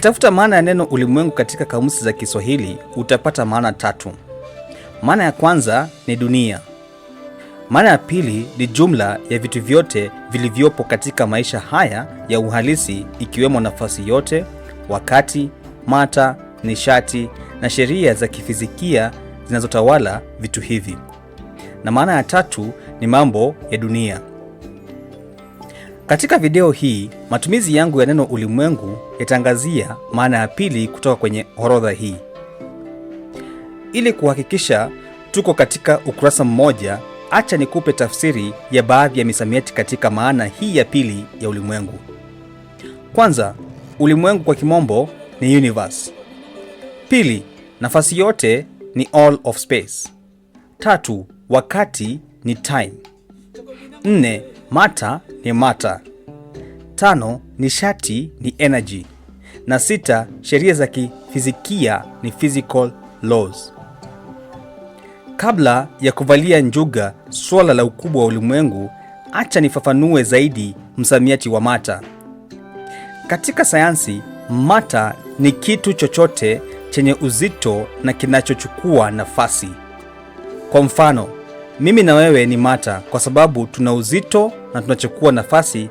Ukitafuta maana ya neno ulimwengu katika kamusi za Kiswahili utapata maana tatu. Maana ya kwanza ni dunia. Maana ya pili ni jumla ya vitu vyote vilivyopo katika maisha haya ya uhalisi, ikiwemo nafasi yote, wakati, mata, nishati na sheria za kifizikia zinazotawala vitu hivi. Na maana ya tatu ni mambo ya dunia. Katika video hii, matumizi yangu ya neno ulimwengu yataangazia maana ya pili kutoka kwenye orodha hii, ili kuhakikisha tuko katika ukurasa mmoja. Acha nikupe tafsiri ya baadhi ya misamiati katika maana hii ya pili ya ulimwengu. Kwanza, ulimwengu kwa kimombo ni universe. Pili, nafasi yote ni all of space. Tatu, wakati ni time. Nne, Mata ni mata. Tano, nishati ni energy, na sita, sheria za kifizikia ni physical laws. Kabla ya kuvalia njuga swala la ukubwa wa ulimwengu, acha nifafanue zaidi msamiati wa mata. Katika sayansi, mata ni kitu chochote chenye uzito na kinachochukua nafasi. Kwa mfano mimi na wewe ni mata, kwa sababu tuna uzito na tunachukua nafasi